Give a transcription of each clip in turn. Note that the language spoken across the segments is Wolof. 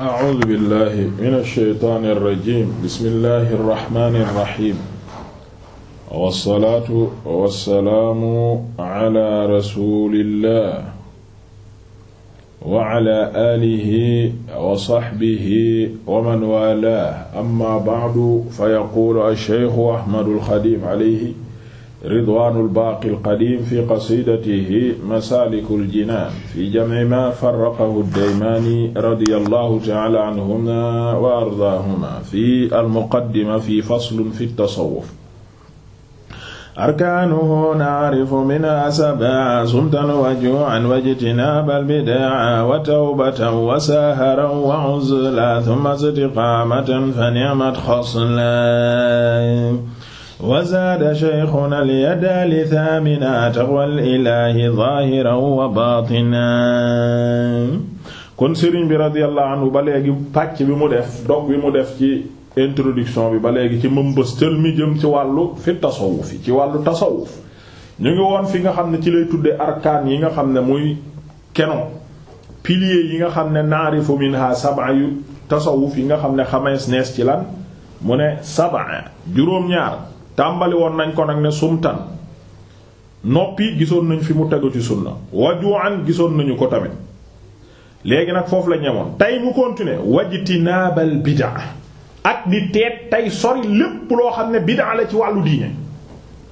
أعوذ بالله من الشيطان الرجيم بسم الله الرحمن الرحيم والصلاة والسلام على رسول الله وعلى آله وصحبه ومن والاه أما بعد فيقول الشيخ أحمد الخديم عليه ridwaanul baaqil qadiim fi qasiidatihi masaalikul jinaan fi jamci maa farraqahu daymaani radiyallahu ta'aala anhumaa wa ardaahumaa fi almuqaddima fi faslun fi tasawwuf arkaanuhu naarifu minhaa sab'a sumtan wa juu'an wa ijtinaabal bidaa'a wa tawbatan wa saaharan wa 'uzlan thumma istiqaamatan fa ni'mat xaslan wa zaada shaykhuna al-yada li thamina taqwal ilaahi zaahiran wa baatinan kon sëriñ bi radiyallahu anhu ba léegi pàcc bi mu def dog bi mu def ci introduction bi ba léegi ci mëmbëstël mi jëm ci wàllu fi tasawuf yi ci wàllu tasawuf ñu ngi woon fi nga xam ne ci lay tuddee arkaan yi nga xam ne muy keno piliers yi nga xam ne naarifu minha sab'a yu tasawuf yi nga xam ne xamees nees ci lan mu ne sab'a juróom-ñaar tàmbali woon nañ ko nag ne sumtan noppi gisoon nañ fi mu tegu ci sunna wajuan gisoon nañu ko tamit léegi nag foofu la ñemoon tey mu continuer wajtinaabal bid'a ak di teet tey sori lépp loo xam ne bid'a la ci wàllu diine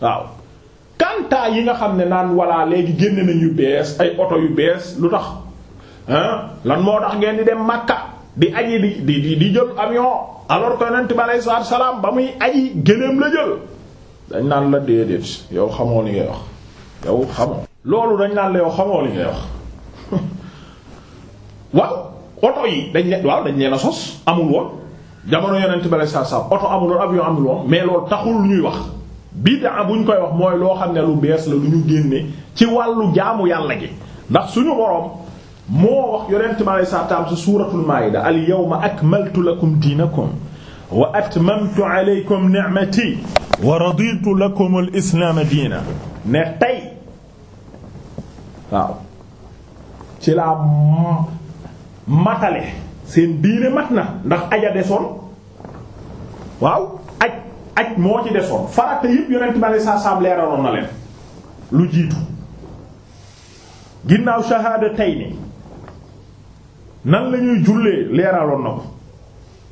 waaw kantaa yi nga xam ne naan walla léegi génne nañ yu bees ay oto yu bees lu tax lan moo tax ngeen di dem Makka di aji di di di jël avion alors que yonent bi aleyhi salaam ba muy aji gëléem la jël dañ naan la déedéet yow xamoo li ngay wax yow xamoo loolu dañ naan la yow xamoo li ngay wax waaw oto yi dañ ne waaw dañ leen la sos amul woon jamono yonent bale sa sa oto amul woon avion amul woon mais loolu taxul ñuy wax bid'a bu ñu koy wax mooy loo xam ne lu bees la lu ñu génne ci wàllu jaamu yàlla gi ndax suñu boroom moo wax yonent bi alei satu salaam ci suuratul maayida al yawma akmaltu lakum diinakum wa atmamtu alaykum ni'mati wa raditu lakum al islaama diina ne tey waaw ci laa matale seen diine mat na ndax aja desoon waaw aj aj moo ci desoon farata yëpp yonent bi alei sat leeraloon na leen lu jiitu ginnaaw shahaada tey ni nan lañuy ñuy jullee leeraloon na ko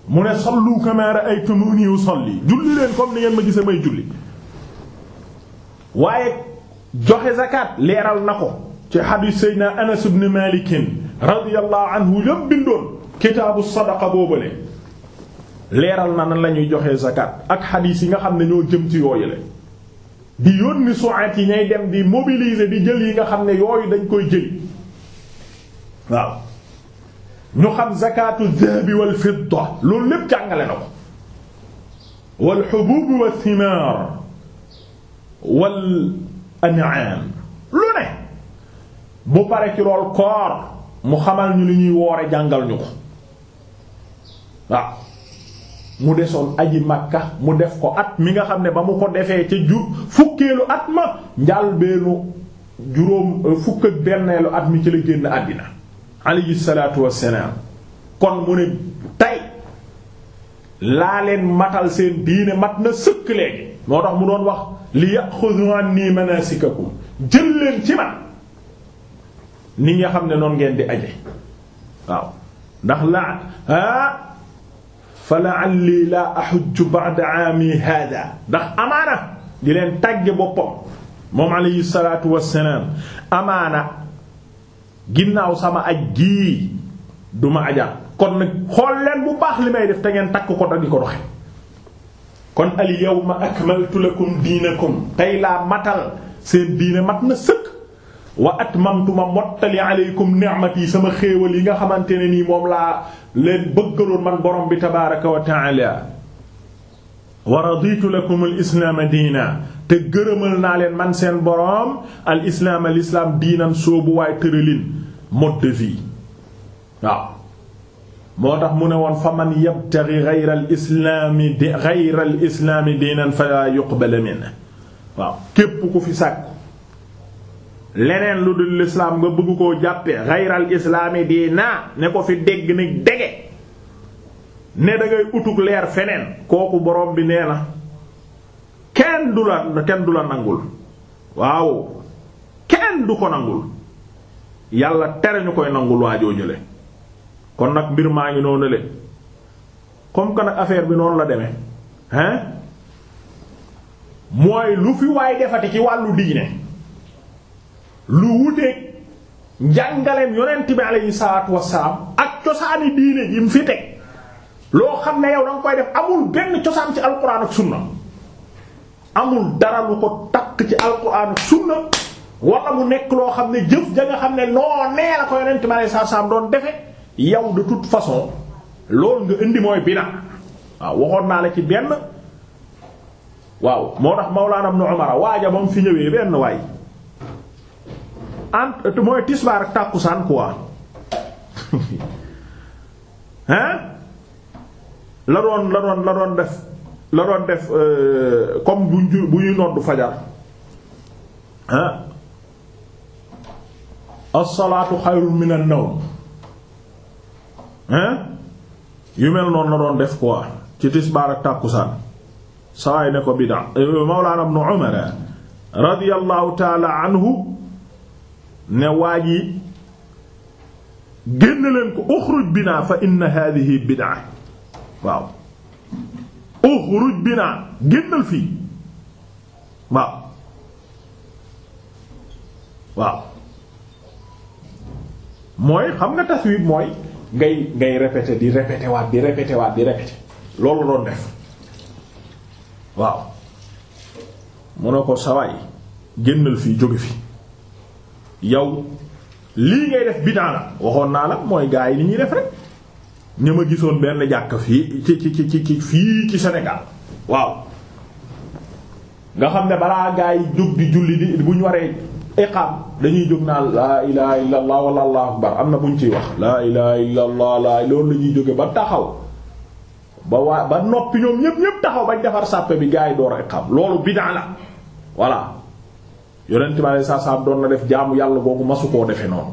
mu ne sallu kama ra'aytumuni usalli julli leen comme ni ngeen ma gisee may julli waaye joxe zakat leeral na ko ci xadiis Seydina Anas ibn Malik radiyallahu anhu yëpp bindoon kitaabu sadaqa boobale leeral na na lañuy joxe zakat ak xadiis yi nga xam ne ñoo jëm ci yooyule di yónni su'at yi ñay dem di mobiliser bi jël yi nga xam ne yooyu dañ koy jëli waaw ñu xam zakatu dhahabi wal fidda loolu lépp jàngale na ko wal xubuub wa thimaar wal an'am lu ne bu pare ci lool koor mu xamal ñu li ñuy woore jàngal ñu ko waaw mu desoon aji makka mu def ko at mi nga xam ne ba mu ko defee ca ju fukkeelu at ma njàlbeenu juróom fukk ak benneelu at mi ci la génn àddina alayhi salaatu wassalaam kon mu ne tey laa leen matal seen diine mat na sëkk léegi moo tax mu doon wax li ya'khudhu anni manasikakum jël leen ci man ni nga xam ne noon ngeen di aje waaw ndax laa ah fa la'alli laa ahujju ba'da aami hada ndax amaana di leen tàgge boppam moom alayhi amaana ginnaaw sama aj gii du ma ajaat kon nag xool leen bu baax li may def te takk ko da di ko doxe kon al yawma akmaltu diinakum tey laa matal seen diine mat na sëkk wa atmamtu ma mottali aleykum ni'mati sama xéewal yi nga xamante ne nii moom laa leen bëggaloon man borom bi tabaaraka wa ta'ala wa raditu lakum al islaama diina te gërëmal naa leen man seen boroom al islaam al islaam soobu waay tëralin mode de waaw moo tax mu ne woon fa man yabtaghi ghayra al islaami di ghayra al islaami diinan falaa yuqbala waaw képp ku fi sàkku leneen lu dul lislaam nga bëgg koo jàppee xayral islaami diina ne ko fi dégg ni dege ne da utug leer feneen kooku boroom bi nee na kenn du la kenn du la nangul waaw kenn du ko nangul yàlla tere ñu koy nangul waajoo jële kon nag mbir maa ngi noonu le comme que nag affaire bi noonu la deme hein mooy lu fi waay defati ci wàllu diine lu wuteeg njàngaleem yonent bi alayhi salaatu wassalaam ak cosaani diine yi mu fi teg loo xam ne yow danga koy def amul benn cosaan ci alxuraan ak sunna amul dara lu ko takk ci alquran sunna wala mu nekk loo xam ne jëf ja nga xam ne noo nee la ko yonent mi alayhi salaam doon defe yow de toute façon loolu nga indi mooy bida waaw waxoon naa la ci benn waaw moo tax Mawlaana Ibn fi ñëwee benn waay ant mooy tisbaar ak tàkkusaan quoi hein la doon la doon la doon def la doon def euh, comme buñ ju bu ñuy noddu fajar ah as-salaatu xayrun min an-nawm yu mel noonu la doon def quoi ci tisbaar ak tàkkusaan sawaay ne ko bida euh, mawlaana ibnu umar radiyallahu taala anhu ne waa ji génn leen ko uxruj binaa fa inna hadhihi bid'a waaw uxruj binaa génnal fii waaw waaw mooy xam nga taswib mooy ngay ngay répété di répété waat di répété waat di répété loolu doon def waaw mu ne ko sawaay génnal fi jóge fi yow lii ngay def binaa la waxoon naa la mooy gaa yi li ñuy def rek ña ma gisoon benn jàkk fii ci ci ci ci fii ci Sénégal waaw nga xam ne balaa gaa yi jóg di julli di bu waree iqaam dañuy jóg naa laa ilaha illa allah wala allahu akbar am na buñ ciy wax laa ilaha illa allah loolu la ñuy jóge ba taxaw ba waa ba noppi ñoom ñépp ñépp taxaw bañ defar sàppe bi gaa yi door iqaam loolu bid'a la voilà yonent bi sallallahu alayhi wasallam doon na def jaamu yàlla boobu masu koo defe noonu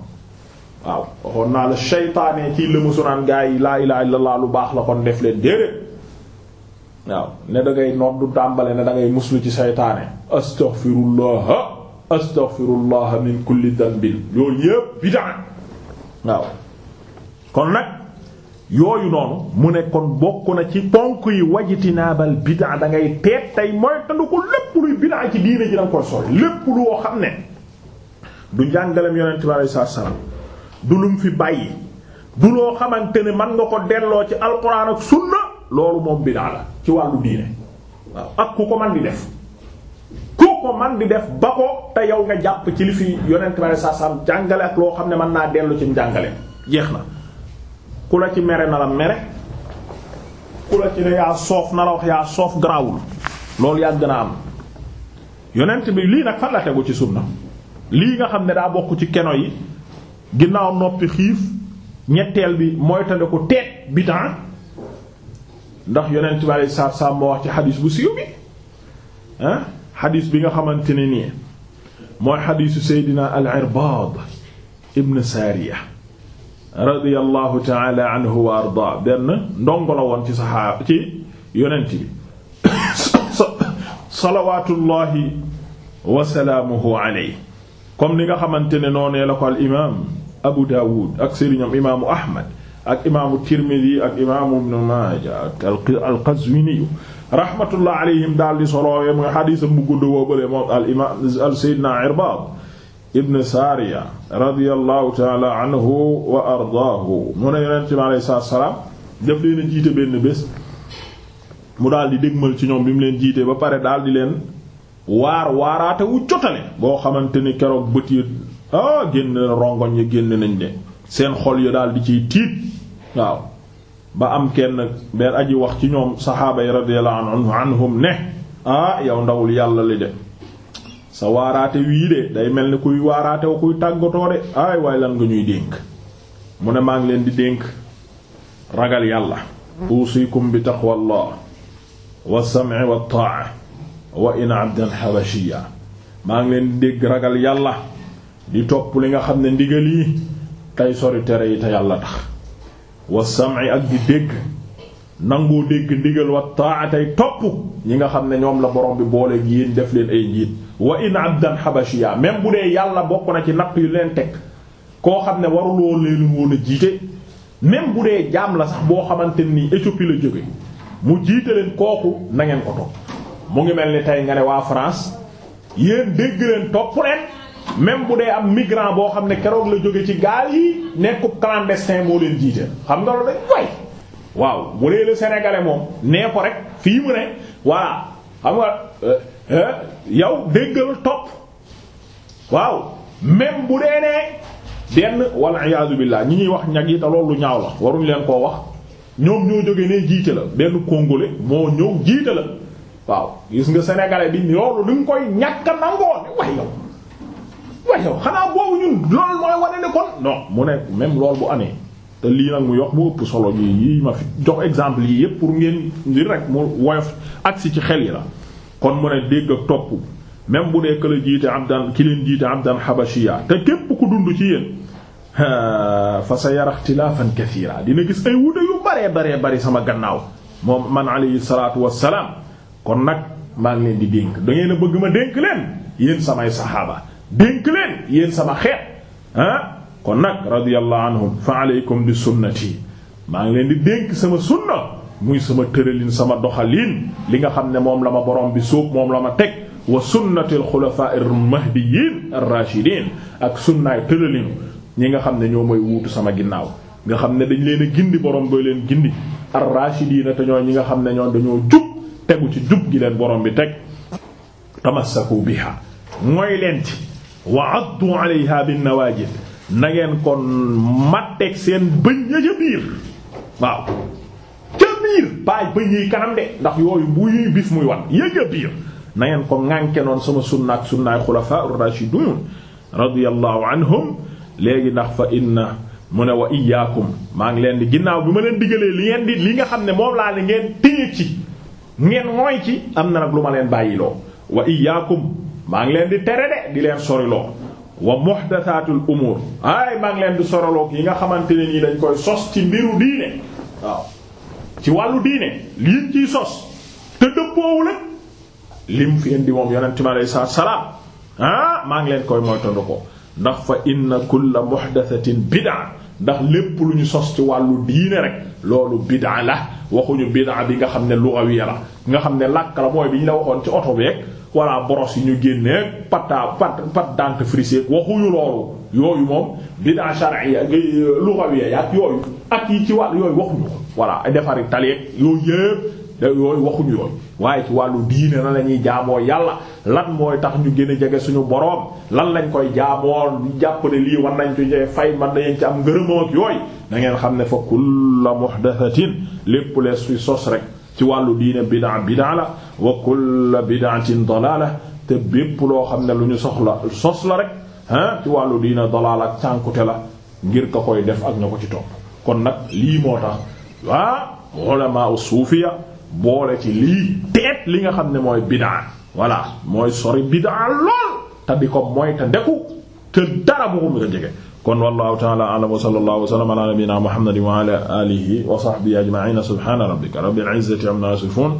waaw waxoon naa la seytaane ci lëmasu naan gaa yi laa ilaaha illallaah lu baax la kon def leen déedéet waaw ne da ngay noddu tàmbale ne dangay ngay muslu ci seytaane astaghfirullaha astaghfirullaha min kulli dhanbin yooyu yépp bid'a waaw kon nag yooyu noonu mu ne kon bokk na ci ponk yi wajitinaabal bid'a da ngay teet tey mooy tandu ko lépp luy bid'a ci diine ji danga koy sori lépp loo xam ne du njàngalem yonent bi sallallahu alayhi wasallam du lum fi bàyyi du loo xamante ne man nga ko delloo ci alquran ak sunna loolu moom bidaa la ci wàllu diine waaw ak ku ko man di def ku ko man di def ba ko te yow nga jàpp ci li fi yonent bare saa sam jàngale ak loo xam ne mën naa dellu ci njàngale jeex na ku la ci mere na la mere ku la ci ne yaa soof na la wax yaa soof garaawul loolu yàgg na am yonent bi lii nag fan la tegu ci sunna lii nga xam ne daa bokk ci keno yi ginnaaw noppi xiif ñetteel bi moytale ko teet bidaa ndax yonent bi alei saatu salaam moo wax ci xadis bu siiw bi ah bi nga xamante ne nii mooy xadisu seydina al irbaad ibn saariya radiyallahu taala anhu wa arda benn ndongo la woon ci saxaaba ci yonent bi salawatullahi wasalaamuhu alayhi comme ni nga xamante ne noonee la ko al imaam Abu Dawud ak sëriñam imaamu Ahmad ak imaamu Tirmidhi ak imaamu Ibn Maaja ak al-Qazwini rahmatullah alayhim daal di soloowee mooy xadiisam bu gudd boobale moom al imaam al sayyidina Irbaad ibn salaam daf leen jiite benn bés mu daal di dégmal ci ñoom bi mu leen jiite ba pare daal di leen waar waaraate wu boo xamante ni keroog bët ah génn rongoñ ya génn nañ de seen xol yu daal di ciy tiit waaw ba am kenn benn aji wax ci ñoom saxaaba yi radiyallahu anhum ne ah yow ndawul yàlla li de sa waaraate wii de day mel ni kuy waaraate wa kuy tàggatoo de ay waaye lan nga ñuy dénk mu ne maa ngi leen di dénk ragal yàlla uusikum bi taqwallah wa sam'i wa ta'a wa in abdan habashiyya maa ngi leen di dégg ragal yàlla di topp li nga xam ne ndigal yi tey sori tere yi te yàlla tax wa sam'i ak di dégg nangoo dégg ndigal wa taatay topp ñi nga xam ne ñoom la borom bi boole gi yéen def leen ay njiit wa in abdan habashiya même bu dee yàlla bokk na ci natt yu leen teg koo xam ne waruloo leen woon a jiite même bu dee jaam la sax boo xamante nii Éthiopie la jóge mu jiite leen kooku na ngeen ko topp mu ngi mel ni tey nga ne waa France yéen dégg leen topp leen même bu dee am migrant boo xam ne keroog la jóge ci gaal yi nekku clandestin moo leen jiite waaw bu dee le moom nee ko rek fii mu ne voilà euh, euh, topp waaw même bu dee nee benn walla iyaazu ñuy wax ñag yi te ñaaw la waruñ leen koo wax ñoo jógee ne jiite la benn congolais moo la waaw gis nga sénégalais bi loolu duñ koy ñàkk a nangoo waaye yow. waaye yow xanaa boobu ñun loolu mooy wane ne kon non mu ne même loolu bu amee te lii nag mu yox mu ëpp solo yi ma fi jox exemple yii yépp pour ngeen di rek mu woyof agsi ci xel yi la kon mu ne dégg ak topp même bu dee la jiite abdan ki leen jiite abdan habashiya te képp ku dund ci yéen fa sa yara ixtilaafan kathiira dina gis ay wute yu baree baree bari sama gannaaw moom man alayhi salaatu wassalaam kon nag maa ngi leen di dénk da ngeen a bëgg ma dénk leen samay saxaaba dénk leen yéen sama xeet ah kon nag radiyallahu anhum fa aleykum bi sunnati maa ngi leen di dénk sama sunna muy sama tëralin sama doxalin li nga xam ne moom la ma borom bi suuf moom la ma teg wa sunnati al-xulafaa'i al-mahdiyyiin ar-raashidiin ak sunnaay tëralinu ñi nga xam ne ñoo mooy wuutu sama ginnaaw nga xam ne dañ leen a gindi borom booy leen gindi ar-raashidiin te ñoo ñi nga xam ne ñoo dañoo jub tegu ci jub gi leen borom bi teg tamassaku biha mooy leen ci wa addu alayha bin nawaajid na ngeen kon matteeg seen bëñ ya ca biir waaw ca biir bëñ yi kanam de ndax yooyu bu yuy bis muy wan ya ca biir na ngeen ko ŋànke noon sama sunna ak sunnaay xulafaa ar-raashidun radiyallahu anhum léegi ndax fa inna mu ne wa iyaakum maa ngi leen di ginnaaw bi ma leen diggalee li ngeen di li nga xam ne moom laa ne ngeen téye ci ngeen mooy ci am na nag lu ma leen bàyyiloo wa iyaakum maa ngi leen di tere de di leen soriloo wa muhdathatul umur ay maa ngi leen di soriloo yi nga xamante ne nii dañ koy sos ci mbiru diine waaw ci wàllu diine liñ ciy la lim fi indi moom yonent mi alayhi salaatu salaam ah, maa ngi leen koy moytandu ko ndax fa inna kulla muhdathatin bid'a ndax lépp lu ñu sos ci wàllu diine rek loolu bid'a la waxuñu bid'a bi nga xam ne lugawiya la nga xam ne làkk la mooy bi ñu la waxoon ci oto beek walla brosse yi ñu génneeg pata pat pat dentifrice waxuñu loolu yooyu moom bid'a shar'iyya lughawiyya yaak yooyu ak yi ci wàll yooyu waxuñu ko walla defari taleeg yooyu yëpp da yooyu waxuñu waaye ci wàllu diine na la ñuy jaamoo yàlla lan mooy tax ñu gën jege suñu boroom lan lañ koy jaamoo jàpp ne lii war nañ ci fay man nañ ci am ngërëmoo ak yooyu da ngeen xam ne fa kulla muhdathatin lépp lees fi sos rek ci wàllu diine bid'a bid'a la wa kulla bid'atin dalaala te bépp loo xam ne lu ñu soxla sos la rek ah ci wàllu diina dalaala ak cànkute la ngir ka koy def ak ña ko ci topp kon nag lii moo tax ah ulama suufiya boole ci lii teet li nga xam ne mooy bid'a voilà mooy sori bid'a lool te di ko mooy te ndeku te dara bu ko mu nga jege kon wallahu ta'ala a'lam wa sallallahu wa sallama ala nabiyyina muhammadin wa ala alihi wa sahbihi ajma'in subhana rabbika rabbil izzati amma yasifun